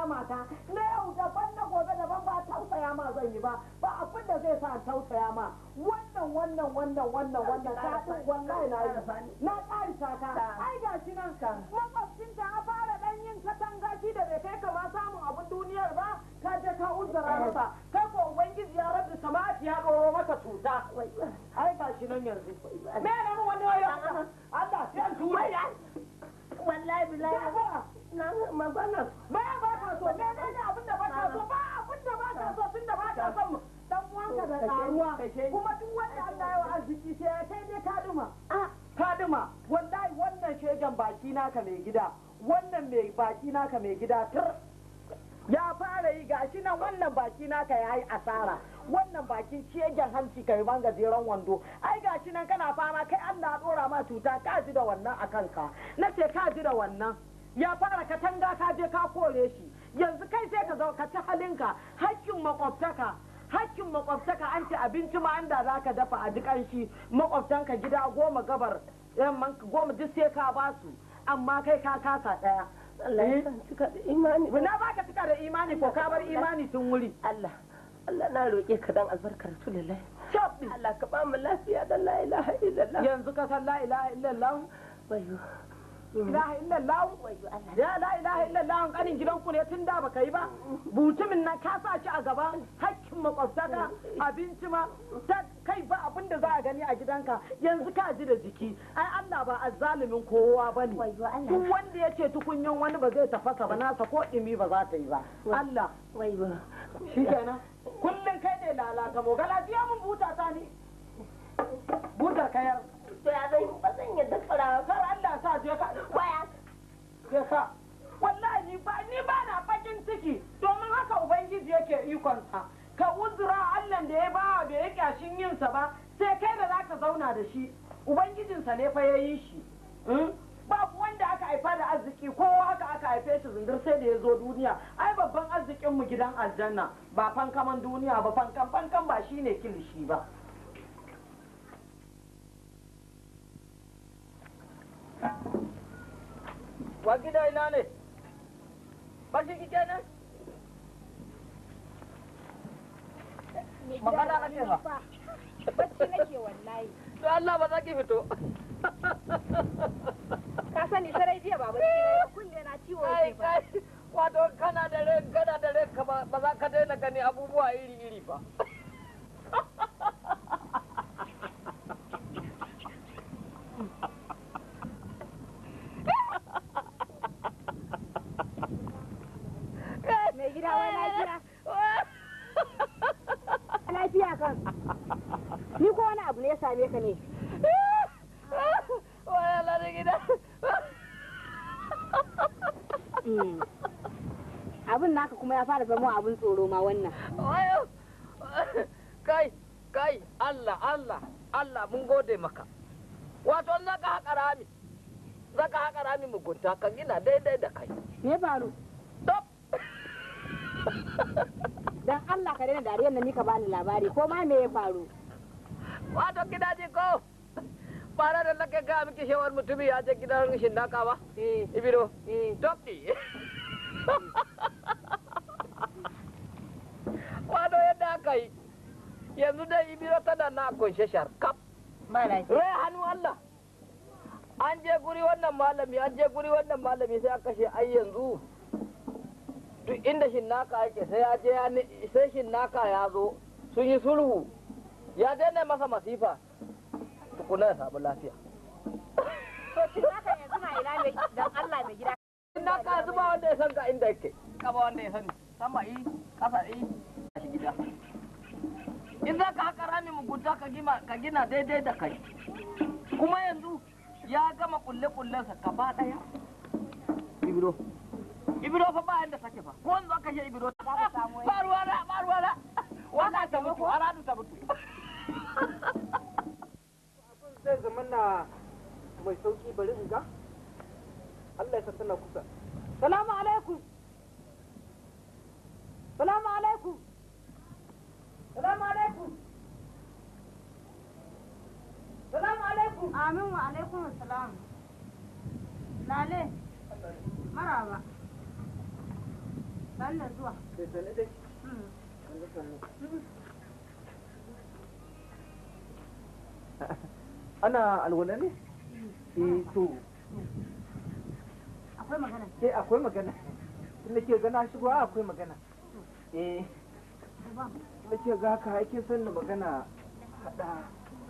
kamata na yau daban na gobe daban ba tausaya ma zan yi ba ba abin da zai sa tausaya ma wannan wannan wannan wannan wannan ta duk wallahi na yi na tsari ta ka ai ga shi nan makwabcin ta fara dan yin katanga da bai kai kama samun abin duniyar ba ka je ka uzura masa kai Allah dora ma cuta ka ji da wannan a kanka na ce ka ji da wannan ya fara katanga ka je ka kore shi yanzu kai sai ka zo ka ci halinka hakkin makwabtaka hakkin makwabtaka an ce abinci ma an da za ka dafa a ji kanshi makwabtanka gida goma gabar yamman goma duk sai ka ba su amma kai ka kasa daya Allah ya san cika da imani ba na baka cika da imani ko ka bar imani tun wuri Allah Allah na roƙe ka dan albarkar Rasulullahi shabbi Allah ka ba mu lafiya dan la ilaha illallah yanzu ka san la ilaha illallah wayo ilaha illallah ya la ilaha illallah kanin ku ne tun da baka yi ba butumin na ka sa shi a gaba hakkin makwabtaka abinci ma kai ba abin da za a gani a gidanka yanzu ka ji da jiki ai Allah ba azzalumin kowa ba ne duk wanda ya ce tukunyan wani ba zai tafasa ba nasa ko dimi ba za ta yi ba Allah shi kenan kullum kai ne lalata mu ga lafiya mun buta ta duniyan nan ba fankaman duniya ba fankan fankan ba shi ne kilishi ba wa gida ina ne bashi ki kenan magana ake ba bacci nake wallahi to Allah ba za ki fito ka sani sarai jiya ba ba ne kunne na ciwo yake ba ma kana da rai kana da rai ba za ka daina gani abubuwa iri iri ba ya fara zama abin tsoro ma wannan kai kai Allah Allah Allah mun gode maka wato na ka haƙa rami za ka haƙa rami mugunta kan gina daidai da kai me faru stop dan Allah ka daina dariyar nan ni ka bani labari ko ma me ya faru wato gidaje ko fara da nake ga miki shawar mutumi ya je gidan shin ba eh ibiro eh kada na kunshe sharkaf rai hannu Allah an je guri wannan malami an je guri wannan malami sai aka kashe ai yanzu duk inda shinnaka yake sai ya je sai shinnaka ya zo sun yi sulhu ya daina masa masifa tukuna ya samu lafiya to naka yanzu na ina mai dan Allah mai gida shin yanzu zuba wanda ya san ka inda yake ka ba wanda ya sani sama yi kasa yi gida in za ka haka rami mugunta ka gina daidai da kai kuma yanzu ya gama kulle-kullensa ka ba daya ibiro ibiro fa ba yanda sake fa ko yanzu aka yi ibiro ta ba ba ruwa na ba ruwa na wannan ta mutu aradu ta mutu zai zama na mai sauki bari in ga Allah ya sa tana kusa salamu lale maraba sannan zuwa hmm. ana alwala ne? Hmm. eh to akwai magana ke akwai magana tunda ke gana shigo akwai magana eh tunda ah, hmm. eh. ke ga haka haikin sannan magana hada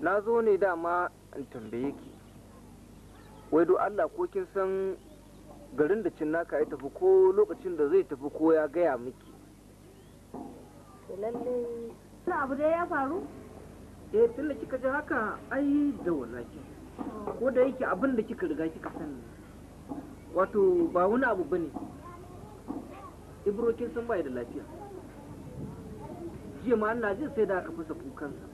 na zo ne dama in tambaye ki wai do Allah ko kin san garin da naka ya tafi ko lokacin da zai tafi ko ya gaya miki lalle abu da ya faru eh tun da kika ji haka ai da wallahi ko da yake abin da kika riga kika sani wato ba wani abu bane ibro kin san bai da lafiya jiya ma Allah zai sai da aka fasa kukansa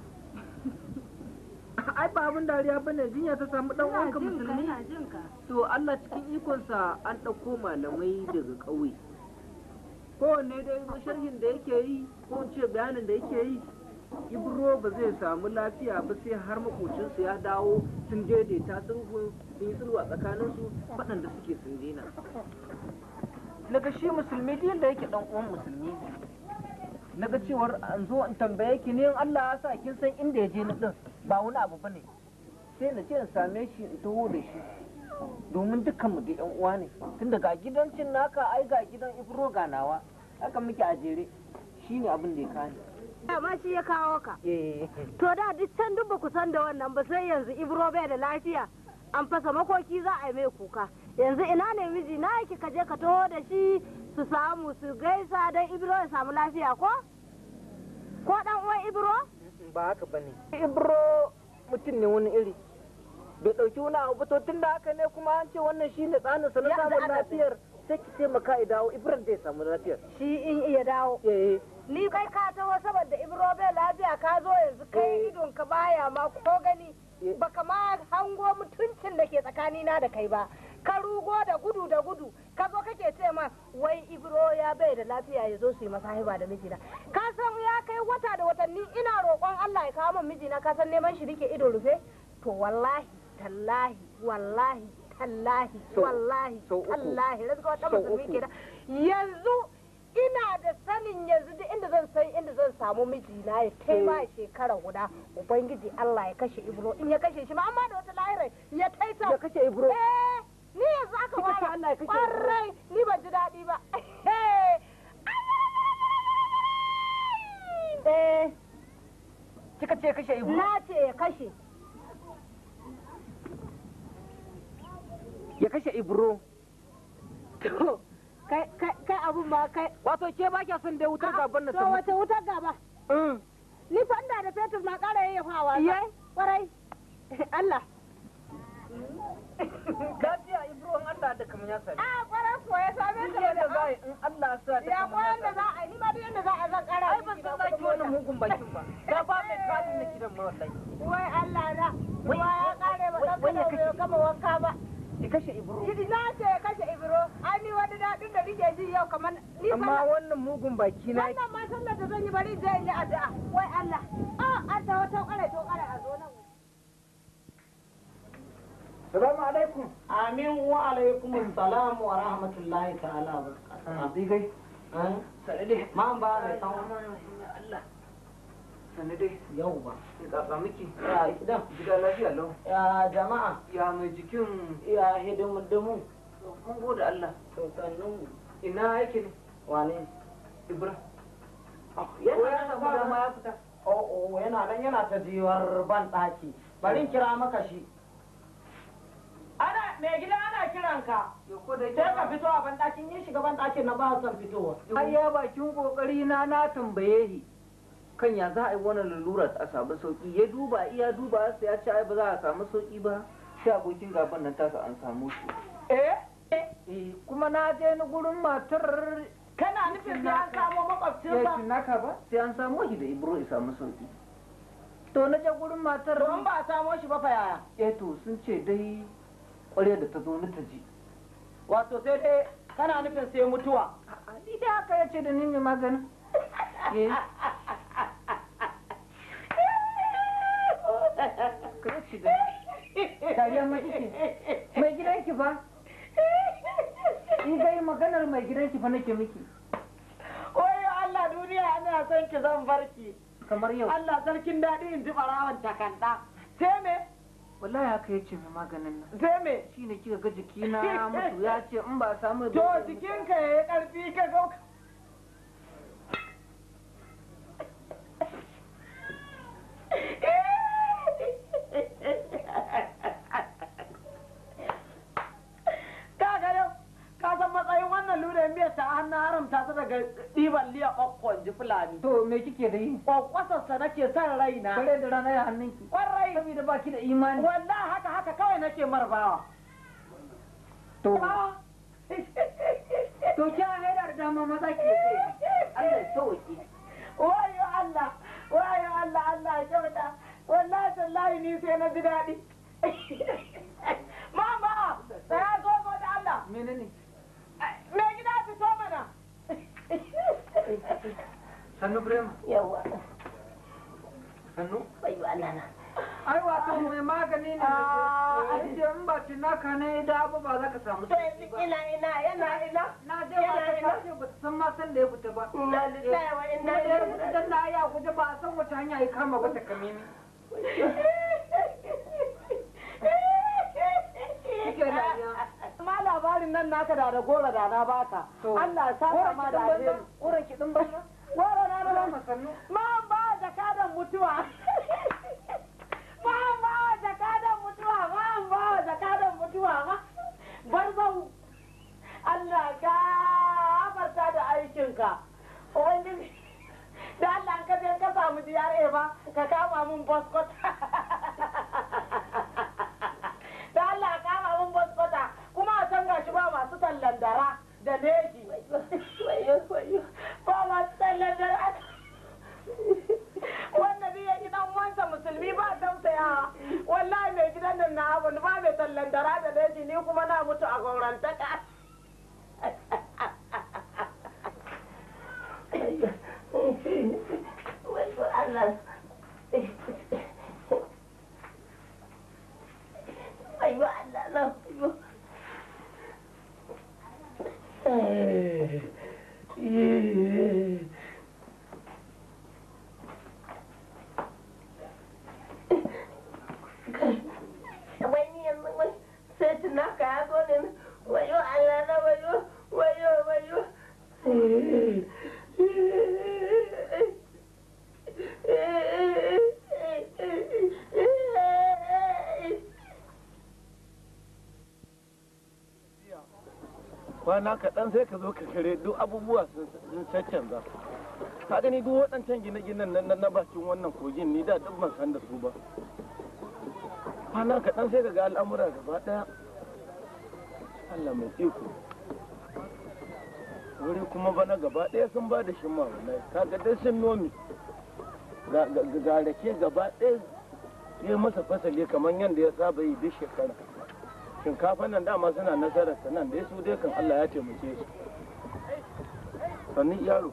ai ba abin dariya bane jinya ta samu dan uwanka musulmi to Allah cikin ikonsa an dauko malamai daga ko kowanne dai sharhin da yake yi ko ce bayanin da yake yi ibro ba zai samu lafiya ba sai har makocinsu ya dawo sun daidaita sun yi sulhu a tsakaninsu waɗanda suke sun daina daga shi musulmi din da yake dan uwan musulmi naga cewar an zo in tambaye ki ne in Allah ya sa kin san inda ya je na din ba wani abu bane sai na ce same shi in taho da shi domin dukkan mu da yan uwa ne tun daga gidancin naka ai ga gidan ifro ga nawa haka muke a jere shi ne abin da ya kani ma shi ya kawo ka eh. to da duk can duk ba ku san da wannan ba sai yanzu ibro bai da lafiya an fasa makoki za a yi mai kuka yanzu ina ne miji na yake kaje ka taho da shi su samu su gaisa don ibro ya samu lafiya ko ko dan uwan ibro ba haka bane ibro mutum ne wani iri bai dauki wani abu to tun da haka ne kuma an ce wannan shine tsanin sa na samun lafiyar sai ki taimaka ya dawo ibro zai samu lafiyar shi in iya dawo eh. ni kai ka taho saboda ibro bai lafiya ka zo yanzu kai eh. idon ka baya ma ko gani eh. baka ma hango mutuncin da ke tsakanina da kai ba ka rugo da gudu da gudu ka zo kake ce ma wai ibro ya bai da lafiya ya zo su yi masa da mijina ka san ya kai wata da watanni ina roƙon Allah ya kawo min miji na san neman shi rike ido rufe to wallahi tallahi wallahi tallahi wallahi tallahi rizqa wata musulmi kenan yanzu ina da sanin yanzu duk inda zan san inda zan samu mijina ya kai ma shekara guda ubangiji Allah ya kashe ibro in ya kashe shi ma amma da wata lahirai ya taita ya kashe ibro eh ni yanzu aka ware ƙwarai ni ban ji daɗi ba eh, Eh. Kika ce kashe ibu? Na ce kashe. Ya kashe ibro. Kai abun ba kai. Wato ke ba kya son da wutar gaban na sun. Wace wutar gaba? Mm. Ni fanda da fetur ma ƙara yayyafawa. Iyai, kwarai, Allah. lafiya ibrahim allah da kamar ya sani a ah, kwarar kuwa ya same ka da ba in allah sa da ya kwarar da za a ni ma da za a zan kara ai ban san zaki wannan mugun bakin ba da ba mai na gidan ma wallahi wai allah na wai ya kare ba kan kana kama wanka ba ki kashe ibro ki na ce ya kashe ibro ai ni wani dadin da nake ji yau kamar ni amma wannan mugun baki na wannan ma sallar da zan yi bari je yi addu'a wai allah a an ta wata to kare a zo nan Salamu alaikum. Amin wa alaikum salamu wa rahmatullahi ta'ala wa barakatuh. kai. Ah, eh? Sani dai. Man ba mai san Allah. Sani Yau ba. Kaka miki. Ya gidan. Gida lafiya lau. Ya jama'a. Ya mai jikin. Ya hidimdimu. Mun gode Allah. To sannun. Ina yake ne? Wane? Ibra. Ah, yana da ma ya fita. Oh, oh yana nan yana ta jiwar ban ɗaki. Bari kira maka shi. mai gida ana kiran ka sai ka fito a banɗakin yin shiga banɗakin na ba san fitowa ai ya bakin kokari na na tambaye shi kan ya za a yi wannan lalurar a samu sauki ya duba iya duba sai ya ce ai ba za a samu sauki ba sai abokin gaban nan tasa an samu shi eh? eh kuma na je ni gurin matar kana nufin sai an samo makwabcin ba naka ba sai an samu shi da ibro ya samu sauki to na je gurin matar don ba a samo shi ba fa yaya eh to sun ce dai ƙwarya da ta zo ta ji wato sai dai kana nufin sai mutuwa ni dai haka ya ce da ni mai maganin eh. mai gidanki ba in gai maganar duniya ina son ki zan barki kamar yau Allah sarkin daɗi in ji ɓarawan takanda sai me wallahi haka ya ce mai maganin nan sai me shi ne kika ga jiki na mutu ya ce in ba samu to jikinka ya yi karfi ka sauka ka san matsayin wannan lura miyar ta hannun haramta ta daga ji fulani. To me kike da yi? Kwakwasar sa nake san na. Bare da rana ya hannunki. Kwarai. da baki da imani. Wallahi haka haka kawai nake marbawa. To. Ah. To kya haidar mama maza ki ce. Allah ya sauke. Wayo Allah. Wayo Allah Allah ya kyauta. Wallahi sallahi ni sai na ji daɗi. problema yawa hannu bai ba nana ai mai magani ne ah. a cikin eh, ba ci naka ne da ba ba za ka samu to yanzu ina ina yana ina na je ba ta ce ba san ma san da ya fita ba na lillahi wa inna ilaihi dan na ya guje ba san wace hanya ya kama ba ta kamimi ma labarin nan naka da da gora da na baka Allah ya saka ma da alheri Ma'an ba jakadan mutuwa. Ma'an ba jakadan mutuwa, ma'an ba jakadan mutuwa ma. Barzau. Allah ka farta da aikinka. wani Da Allah ka je ka samu DRA ba, ka kama mun boskota. kwana kaɗan sai ka zo ka kare duk abubuwa sun za ka gani duk waɗancan gine-ginen na bakin wannan kogin ni da duk ban san da su ba kwana kaɗan sai ka ga al'amura gaba ɗaya Allah mai iko wuri kuma bana gaba ɗaya sun ba da shi ma wallahi kaga dai sun nomi ga rake gaba ɗaya ya masa fasali kamar yadda ya saba yi duk shekara shinkafan nan dama suna nasarar nan dai su dai kan Allah ya taimake su sannin yaro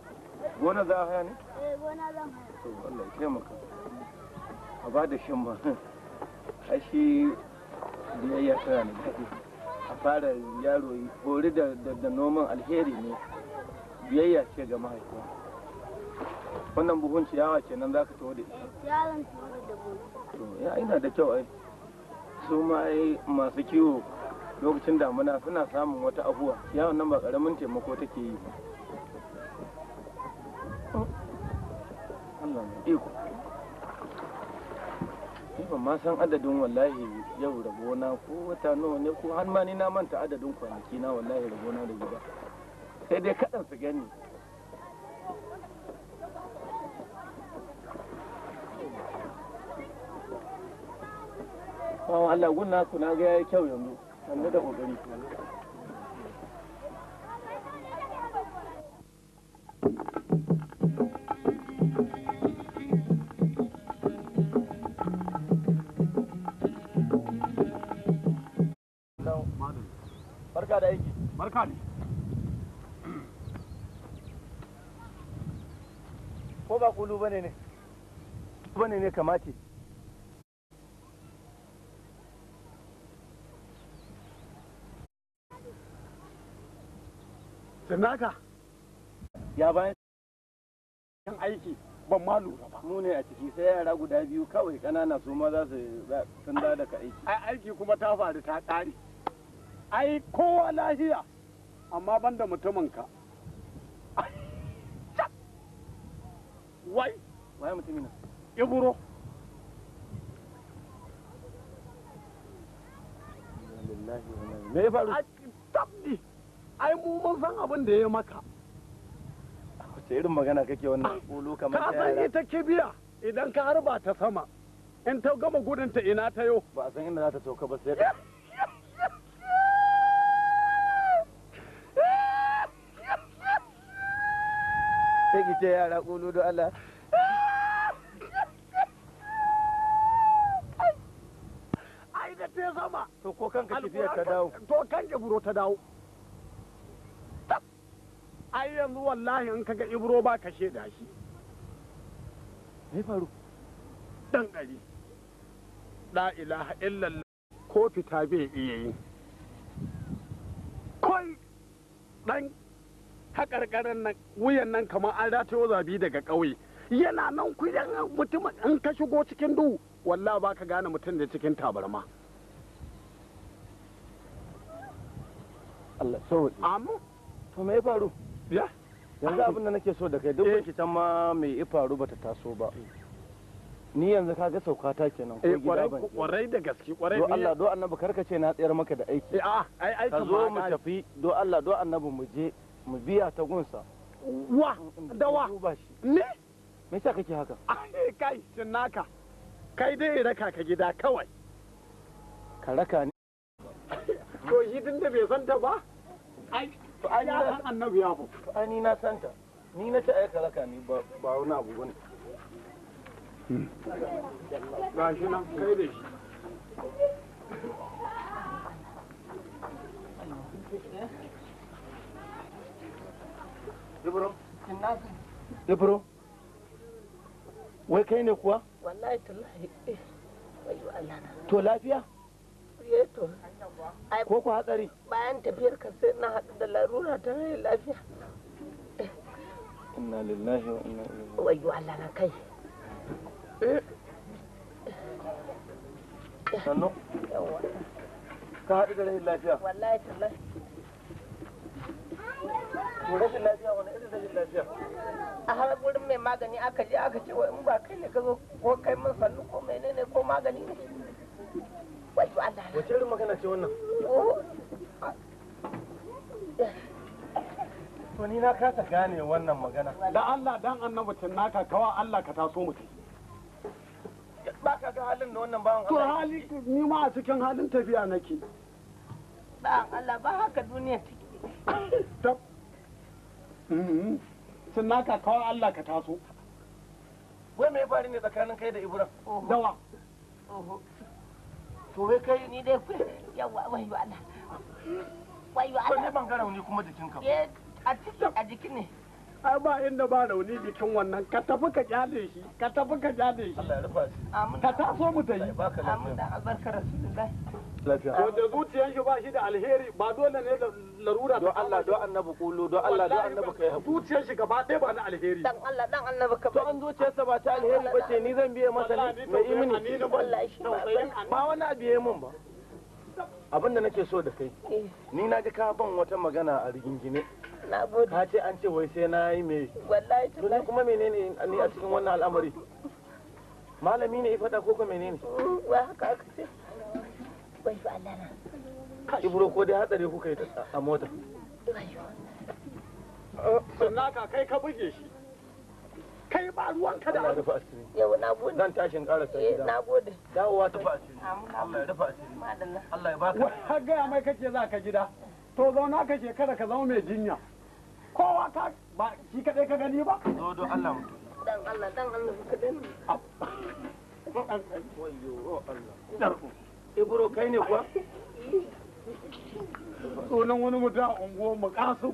gona za a haya ne? Eh, gona za a haya to Allah ya taimaka a ba da shin ba a shi yi tana ne a fara yaro yi hori da noman alheri ne biyayya ce ga mahaifa wannan buhun ciyawa kenan za ka taho da ita yaron taho da buhun to ya ina da kyau ai su ma masu kiwo lokacin damuna suna samun wata abuwa yawon nan ba karamin taimako take yi ba ma san adadin wallahi yau rabona ko wata nawa ne ko har ma ni na manta adadin kwanaki na wallahi rabona da gida sai dai kaɗan su gani bawan Allah gun na ga yayi kyau yanzu sannu da kokari barka da aiki barka ne ko ba kulu bane ne bane ne kamace da ya bayan kan aiki ban ma lura ba mu ne a ciki sai yara guda biyu kawai kanana su ma za su sun da daga aiki ai aiki kuma ta faru ta tsari. ai kowa lahiya amma ban da mutumin ka wai wai mutumin iburo me ya faru tabbi ai mu mun san abin da ya maka wace irin magana kake wannan kulu kamar yara ka san ita kibiya idan ka harba ta sama in ta gama gudun ta ina ta yau ba a san inda za ta sauka ba sai ka sai ce yara kulu da Allah ai da ta sama to ko kanka kibiyar ta dawo to kanka buro ta dawo wallahi in kaga ibro ba ka sheda shi me faru dan gari la ilaha illallah ko fita bai iya yi koi dan haƙarƙarin nan wuyan nan kamar an rata ratayo zabi daga ƙauye yana nan kuyan mutum in ka shigo cikin duhu wallahi ba ka gane mutum da cikin tabarma Allah sauki amma to me ya faru ya yanzu abin da nake so da kai duk eh. kitan ma mai ifaru bata taso ba ni yanzu kaga sauka ta kenan ko eh, gida ban kwarai da gaske kwarai do Allah do annabi karka ce na tsayar maka da aiki eh, a ah, ai ka zo mu tafi do Allah do annabi mu je mu biya ta gunsa wa wa ne me yasa kake haka kai naka kai dai raka ka gida kawai ka raka ni ko shi tunda bai santa ba ai annabi ya bu ai ni santa ni na ni ba wani abu bane hmm. ga shi nan kai da shi wai kai ne kuwa? Wallahi tallahi. Eh, to lafiya? Eh, to. ko ku hatsari bayan tafiyar ka sai na haɗu da larura ta rai lafiya inna lillahi wa inna ilaihi wayo Allah na kai sannu ka haɗu da rashin lafiya wallahi tallahi to rashin lafiya wani irin rashin lafiya a har gurin mai magani aka je aka ce wa in ba kai ne ka zo ko kai min sannu ko menene ko magani ne wace irin magana ce wannan to ni na kasa gane wannan magana da Allah dan annabacin naka kawa Allah ka taso mutum ba ka ga halin da wannan bawan to hali ni ma a cikin halin tafiya nake ba Allah ba haka duniya take tab sun mm-hmm. naka kawa Allah ka taso wai me ya faru ne tsakanin kai da Ibrahim dawa to wai kai ni dai kai yawa wai wa Allah wai wa Allah ban ga kuma jikinka eh a cikin a jikin ne ai ba inda ba rauni bikin wannan ka tafi ka kyale shi ka tafi ka kyale shi ka taso mu ta yi amin da to da shi ba shi da alheri ba dole ne da larura don Allah don annabi don Allah don annabi kai hakuri shi gaba ɗaya ba na alheri dan Allah dan annabi ka to an zuciyarsa ba ta alheri ba ce ni zan biye masa ne mai imini ba wani ba abin da nake so da kai eh. ni na ji ka ban wata magana a rigingine na gode ka ce an ce wai sai na yi me wallahi to ni kuma menene ne a cikin wannan al'amari malami ne ko ko menene mm, wa haka aka ce wai fa Allah na ibro ko dai hatsari kuka yi a mota sannan ka kai ka buge shi kai ba ruwanka da yau na gode zan karasa eh, gida na gode dawowa ta fasiri Allah ya rufa asiri Allah ya baka har mai kake za ka gida to zauna ka shekara ka zama mai jinya kowa ka ba shi kaɗai ka gani ba zo don Allah mutu. dan Allah dan Allah ka dan oh Allah ne kuwa sunan wani mutum a unguwar mu kasu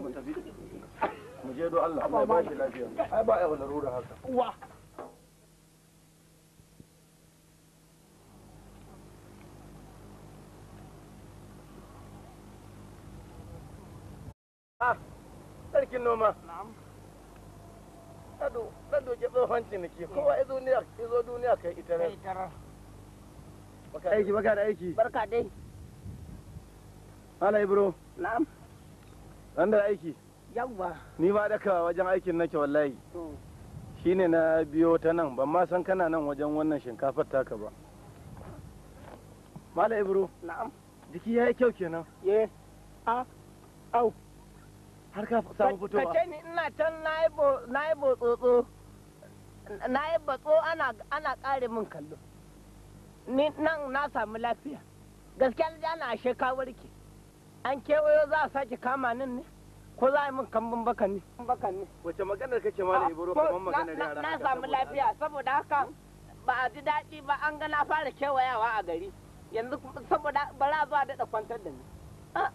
harkokin noma ado na doke tsohon ciniki kowa ya zo duniya ya zo duniya kai ita rai baka aiki baka da aiki barka dai ala ibro na'am dan da aiki yawwa ni ba da ka wajen aikin nake wallahi shine na biyo ta nan ban ma san kana nan wajen wannan shinkafar taka ba mala ibro na'am jiki ya yi kyau kenan ye a au har ka samu fitowa kace ni ina can na yi botsotso na yi batso ana kare min kallo ni nan na samu lafiya gaskiya na ana ashe ka warke an kewayo za a sake kama nan ne ko za a yi min kambun bakan ne wace maganar kake ma ah, ibro kamar maganar yara na samu lafiya saboda haka ba a ji daɗi ba an gana fara kewayawa a gari yanzu saboda ba a zuwa daɗa kwantar da ni ah,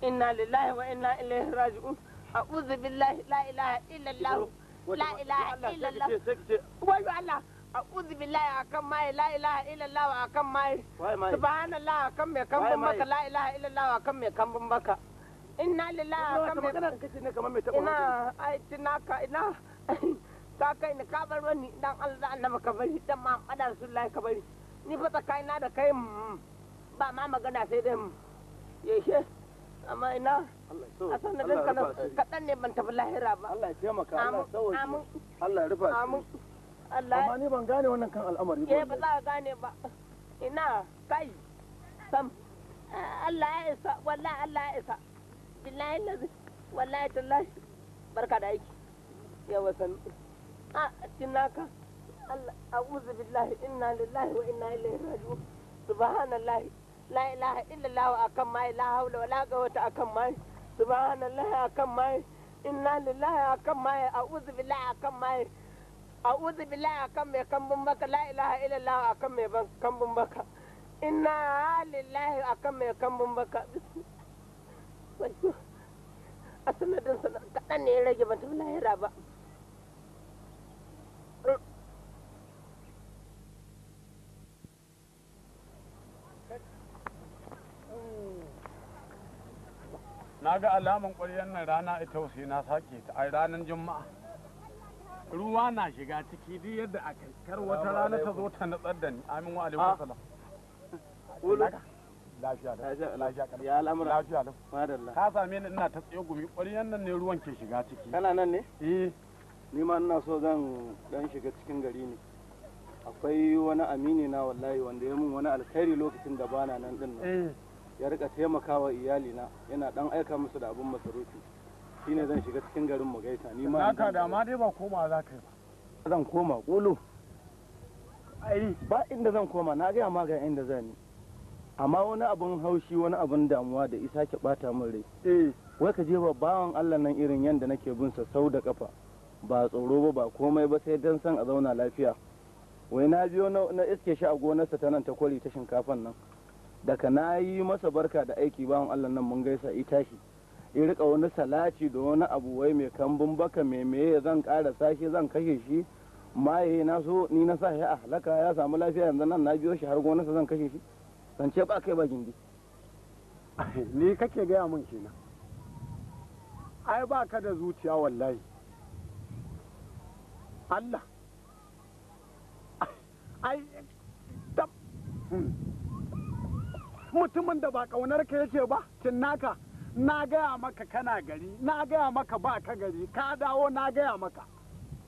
inna lillahi wa inna ilaihi raji'un a'udhu billahi la ilaha illa allah la ilaha illa allah wayo allah a'udhu billahi akan mai la ilaha illa allah akan mai subhanallah akan kan kambun maka la ilaha illa allah akan mai kambun maka inna lillahi akan mai ina ai tinaka ina ka kai ni ka bar wani dan Allah annaba ka bari dan ma madan sullahi ka bari ni fa na da kai mm, ba ma magana sai dai mm, yeshe amma ina a san ka kaɗan ne ban tafi lahira ba Allah ya taimaka Allah ya sauke Allah ya rufa Allah amma ni ban gane wannan kan al'amari ba eh ba za ka gane ba ina kai sam Allah ya isa wallahi Allah ya isa billahi lazi wallahi tallahi barka da aiki yawa san a tinaka Allah a'udhu billahi inna lillahi wa inna ilaihi raji'un subhanallahi la ilaha illallah kan mai la haula wala a kan mai subhanallah kan mai inna lillahi kan mai a'udhu billahi kan mai a'udhu billahi kan mai kambun baka la ilaha illallah kan mai kambun baka inna lillahi kan mai kambun baka a sanadin kaɗan ne ya rage ba tafi lahira ba na ga alaman ƙwaryar nan rana ita wasu na sake ta a ranar juma'a ruwa na shiga ciki duk yadda a kar wata rana ta zo ta natsar da ni amin wa alaikum ah. salam lafiya da lafiya lafiya ka same ni ina ta tsaye gumi ƙwaryar nan ne ruwan ke shiga ciki kana nan ne eh ni ma ina so zan dan shiga cikin gari ne akwai wani amini na wallahi wanda ya mun wani alkhairi lokacin da bana nan din nan eh. ya rika taimakawa iyalina yana dan aika musu da abin masarufi shine zan shiga cikin garin mu gaisa ni ma ka da ma dai ba koma za ka yi ba zan koma kulu ai ba inda zan koma na ga ma ga inda zan yi amma wani abun haushi wani abun damuwa da isa ke bata min rai eh wai ka je bawan Allah nan irin yanda nake bin sa sau da kafa ba tsoro ba ba komai ba sai dan san a zauna lafiya wai na biyo na iske shi a gonarsa ta nan ta kwari ta shinkafan nan daga na yi masa barka da aiki bawan allah nan mun gaisa ita shi in rika wani salaci da wani abu wai mai kambun baka mai meye zan kara sashi zan kashe shi maye na so ni na sa ya halaka ya samu lafiya yanzu nan na biyo shi har gonarsa zan kashe shi ce ba kai ba gindi ni kake gaya min kenan ai ba ka da zuciya wallahi Allah ai tab hmm. mutumin da ba kaunar ka yake ba cin naka na gaya maka kana gari na gaya maka ba ka gari ka dawo na gaya maka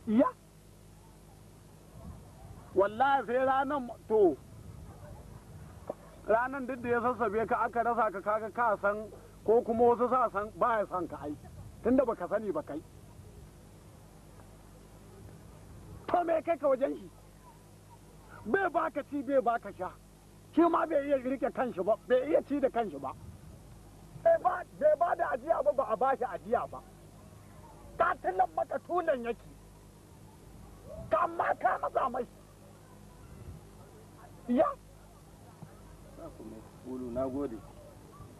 iya wallahi sai ranan to ranan duk da ya sassabe ka aka rasa ka kaga ka san ko kuma wasu sa san ba ya san ka ai da baka sani ba kai to me kai ka wajen shi bai baka ci bai baka sha shi ma bai iya rike kanshi ba bai iya ci da kanshi ba bai ba da ajiya ba ba a ba shi ajiya ba tunan maka tunan yake ka amma ka maza mai ya na gode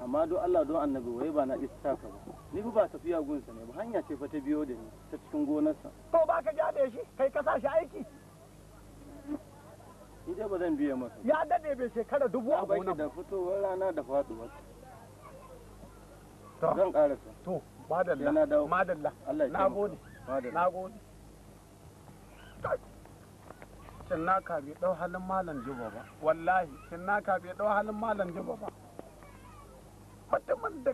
amma don Allah don annabi wai ba na isa ka ba ni ba tafiya gunsa ne ba hanya ce fa ta biyo da ni ta cikin gonarsa ko ba ka gyaɗe shi kai ka sa shi aiki Ita ba zan biya masa. Ya dade bai shekara dubu a gona. da fitowar rana da faɗuwar. To. Zan karasa To, madalla. Madalla. Allah ya Na gode. Madalla. Na gode. Cinnaka bai dau halin malam juba ba. Wallahi, na ka bai dau halin malam juba ba. Mutumin da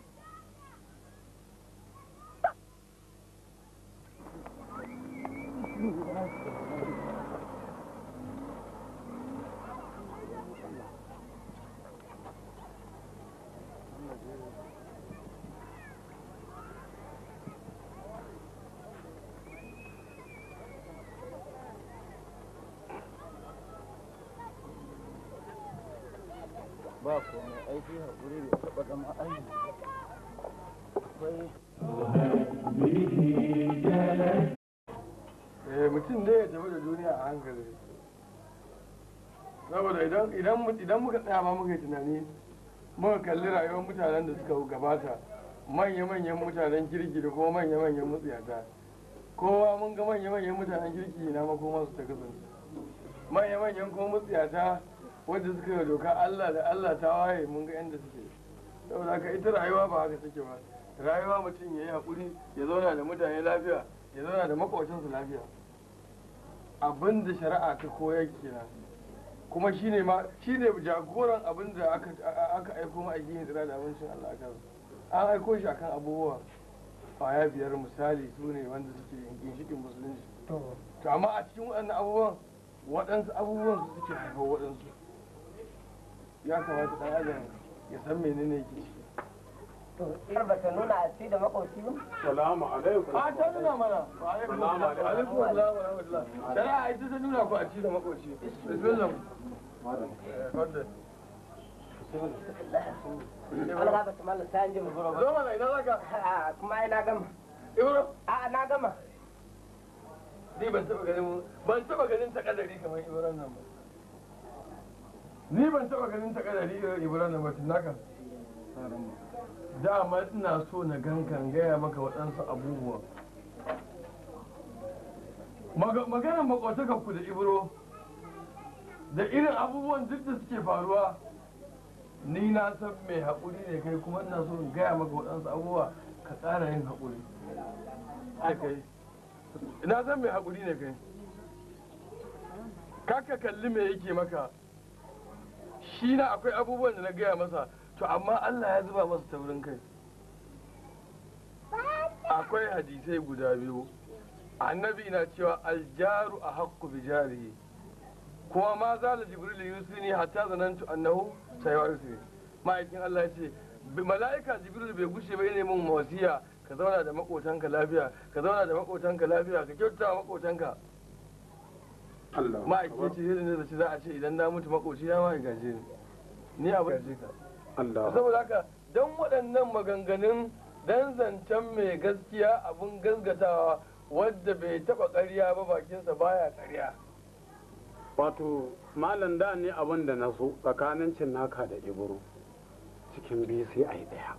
ba komai aiki haƙuri bai taɓa zama aiki eh mutum dai ya tafi da duniya a hankali saboda idan muka tsaya ma muka yi tunani muka kalli rayuwar mutanen da suka gabata manya-manyan mutanen kirki da kuma manya-manyan mutsiyata kowa mun ga manya-manyan mutanen kirki na makoma su ta kasance manya-manyan kuma mutsiyata wanda suka yi doka Allah da Allah ta waye mun ga yadda suke saboda ka ita rayuwa ba haka take ba rayuwa mutum ya yi haƙuri ya zauna da mutane lafiya ya zauna da makwacinsu lafiya abin da shari'a ta koyar kenan kuma shine ma shine jagoran abin da aka aiko ma aiki yin tsira da abincin Allah akan an aiko shi akan abubuwa kwaya biyar misali su ne wanda suke ginshikin musulunci to amma a cikin waɗannan abubuwan waɗansu abubuwan su suke haifar waɗansu ya kamata ɗan adam ya san menene yake ciki to ba ta nuna a da makwabci ba salamu alaikum a ta nuna mana wa alaikum alaikum wa rahmatullah dara a ita ta nuna ku a ci da makwabci bismillah Allah ba ta sai an ji mu zo mana ina zaka ah, kuma ina gama ibro a na gama ah, ban taba ganin ban taba ganin kamar ibro nan ba ni ban taba ganin ta kada irin ibrahim na tun naka dama ina so na gankan gaya maka waɗansu abubuwa Maganin makwatakan ku da ibro da irin abubuwan duk da suke faruwa ni na san mai haƙuri ne kai kuma ina so in gaya maka waɗansu abubuwa ka tsara yin haƙuri Ina san mai haƙuri ne kai kaka kalli me yake maka shi na akwai abubuwan da na gaya masa to amma Allah ya zuba masa taurin kai akwai hadisai guda biyu annabi na cewa aljaru a haƙƙu bi jarihi kuma ma da jibril ne hatta zanantu annahu sai wa yusini ma'aikin Allah ya ce mala'ika jibril bai gushe ba ne mun wasiya ka zauna da makotanka lafiya ka zauna da makotanka lafiya ka kyautata makotanka ma'aikaci irin da ce za a ce idan na mutu makoci na ma'a gaje ni ni abu gaje ka saboda haka don waɗannan maganganun dan zancen mai gaskiya abun gasgatawa wadda bai taɓa ƙarya ba bakinsa baya ƙarya wato malam da ne abin da na so tsakanin cin naka da ibro cikin biyu sai a ɗaya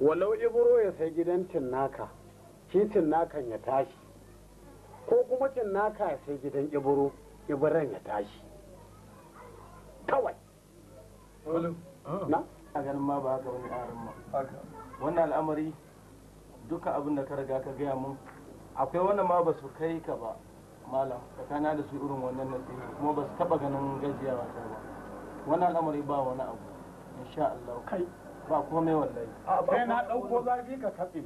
walau ibro ya sai gidan cin naka shi cin nakan ya tashi ko kuma cin naka sai gidan ibro ibran ya tashi kawai na a ganin ma ba haka wani ƙarin ma wannan al'amari duka abin da ka riga ka gaya mun akwai wannan ma ba su kai ka ba malam tsakana da su irin wannan nasiha kuma ba su taba ganin gajiyawa ta ba wannan al'amari ba wani abu insha Allah kai ba komai wallahi kai na dauko zafi ka katse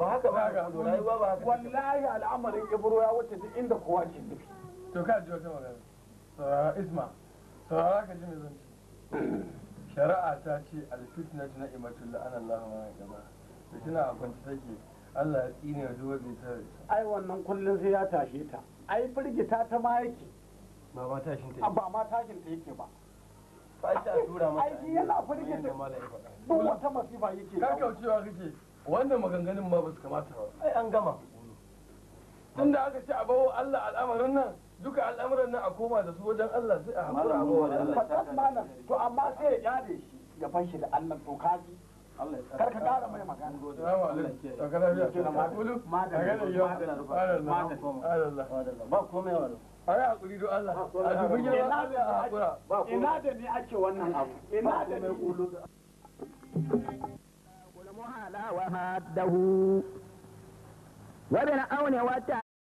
ba haka ba rayuwa ba haka wallahi al'amarin ibro ya wuce duk inda kowa ke nufi to ka ji wata magana saurara isma saurara ka ji mai zan ci shari'a ta ce alfitna na imatul la'an Allah ma ya gaba fitina a kwanci take Allah ya tsine wa duwa bai tare ai wannan kullun sai ya tashe ta ai firgita ta ma yake ba ma tashin ta ba ma tashin ta yake ba ai shi yana firgita duk wata masifa yake ka kaucewa kake wannan maganganun ma ba su kamata ba ai an gama tunda aka ce a bawo Allah al'amarin nan duka al'amuran nan a koma da su wajen Allah sai a hamara a bawo da Allah to amma sai ya jade shi ya fanshi da Allah to kaji kar ka kara mai magana salamu alaikum ba komai wa ai hakuri do Allah ina da ni ake wannan abu ina da ne kulu Thank وهاده أون واتا